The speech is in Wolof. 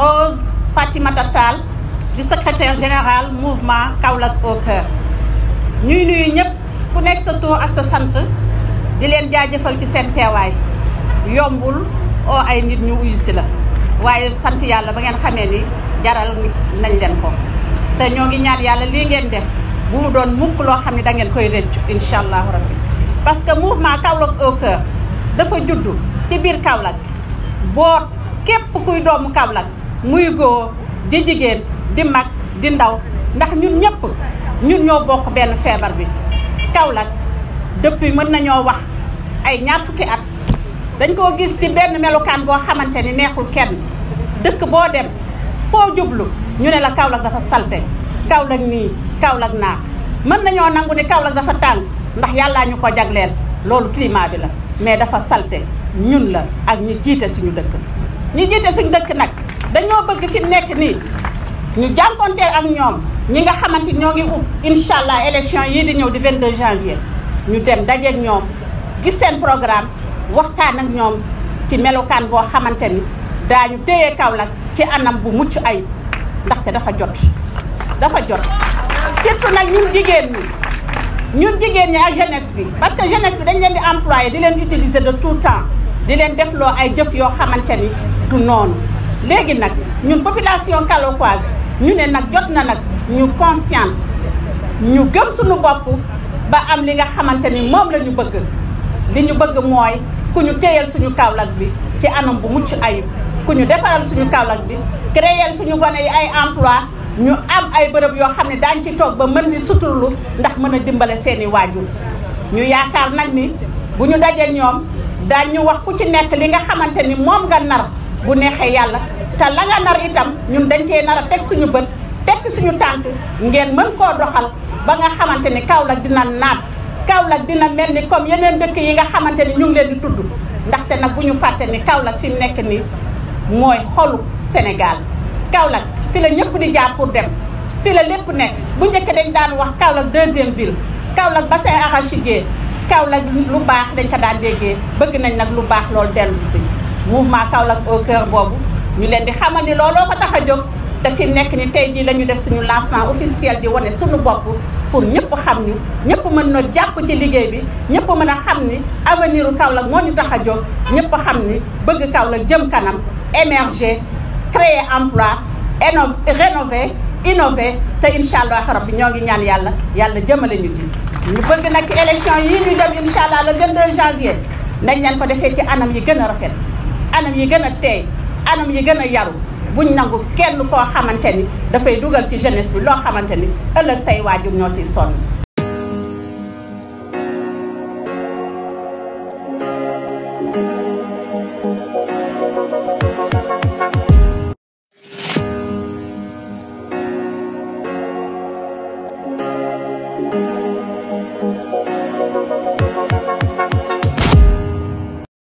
Rose Fatima Tatal di secrétaire général mouvement Kaolack au cœur ñuy nuyu ñëpp ku nekk sa tur ak sa sant di leen jaajëfal ci seen teewaay yombul oo ay nit ñu uyu si la waaye sant yàlla ba ngeen xamee ni jaral nañ leen ko te ñoo ngi ñaan yàlla ngeen def bu mu doon mukk loo xam da ngeen koy rabbi parce que mouvement Kaolack au cœur dafa judd ci biir Kaolack boot képp kuy doomu Kaolack muy góor di jigéen di mag di ndaw ndax ñun ñëpp ñun ñoo bokk benn feebar bi Kaolack depuis mën nañoo wax ay ñaar fukki at dañ koo gis ci benn melukaan boo xamante ni neexul kenn dëkk boo dem foo jublu ñu ne la Kaolack dafa salte Kaolack nii Kaolack naa mën nañoo nangu ni Kaolack dafa tàng ndax yalla ñu ko jagleel loolu climat bi la mais dafa salté ñun la ak ñi jité suñu dëkk ñi jité suñu dëkk nak dañu bëgg fi nekk ni ñu jankonté ak ñom ñi nga xamante ñogi ngi inshallah élection yi di ñëw di 22 janvier ñu dem ak ñom gis sen programme waxtaan ak ñom ci melokan bo xamanteni dañu téyé kaw la ci anam bu muccu ay ndaxte dafa jot dafa jot surtout nak ñun jigéen ni ñun jigéen ñaa ak jeunesse bi parce que jeunesse bi dañ leen di employé di leen utiliser de tout temps di leen defloo ay jëf yoo xamante ni du noonu léegi nag ñun population calokoise ñu ne nag jot na nag ñu consciente ñu gëm suñu bopp ba am li nga xamante ni moom la ñu bëgg li ñu bëgg mooy ku ñu téyal suñu Kaolack bi ci anam bu mucc ayib ku ñu defaral suñu Kaolack bi créer suñu gone yi ay emploi ñu am ay bërepp yo xam dañ ci tok ba mën di suturlu ndax mëna dimbalé dimbale seeni waajur ñu yaakar nak ni bu ñu dajee ñoom daañ ñu wax ku ci nekk li nga xamanteni mom nga nar bu nexé yalla ta la nga nar itam ñun dañ cey nara tek suñu bët tek suñu tank ngeen mën ko doxal ba nga xamanteni kaw Kaolack dina naat dina melni comme yeneen dëkk yi nga xamanteni ñu ngi leen di tudd ndaxte nag bu ñu faté ni fi nekk ni moy xolu Sénégal fi la ñëpp di jaar pour dem fii la lépp nekk bu njëkk dañ daan wax Kaolack deuxième ville Kaolack bassin arachidier Kaolack lu baax dañ ko daan déggee bëgg nañ nag lu baax loolu dellu si mouvement Kaolack au cœur boobu ñu leen di xamal ni looloo ko tax a jóg te nekk ni tey jii la ñu def suñu lancement officiel di wane suñu bopp pour ñëpp xam ñu ñëpp mën na jàpp ci liggéey bi ñëpp mën a xam ni avenir u Kaolack moo ñu tax a jóg ñëpp xam ni bëgg Kaolack jëm kanam émerger créer emploi éno rénover innover te incha allah bi ñoo ngi ñaan yàlla yàlla jëmale ñu ji ñu bëgg nag élection yi ñu dem incha allah le 22 janvier nañ leen ko defee ci anam yi gën a rafet anam yi gën a teey anam yi gën a yaru ñu nangu kenn koo xamante ni dafay dugal ci jeunesse bi loo xamante ni ëllëg say waajur ñoo ciy sonn. Thank you.